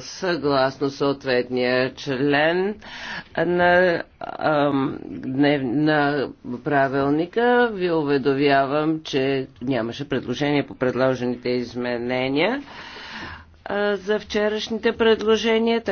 съгласно съответния член на, на правилника ви уведовявам, че нямаше предложение по предложените изменения за вчерашните предложения.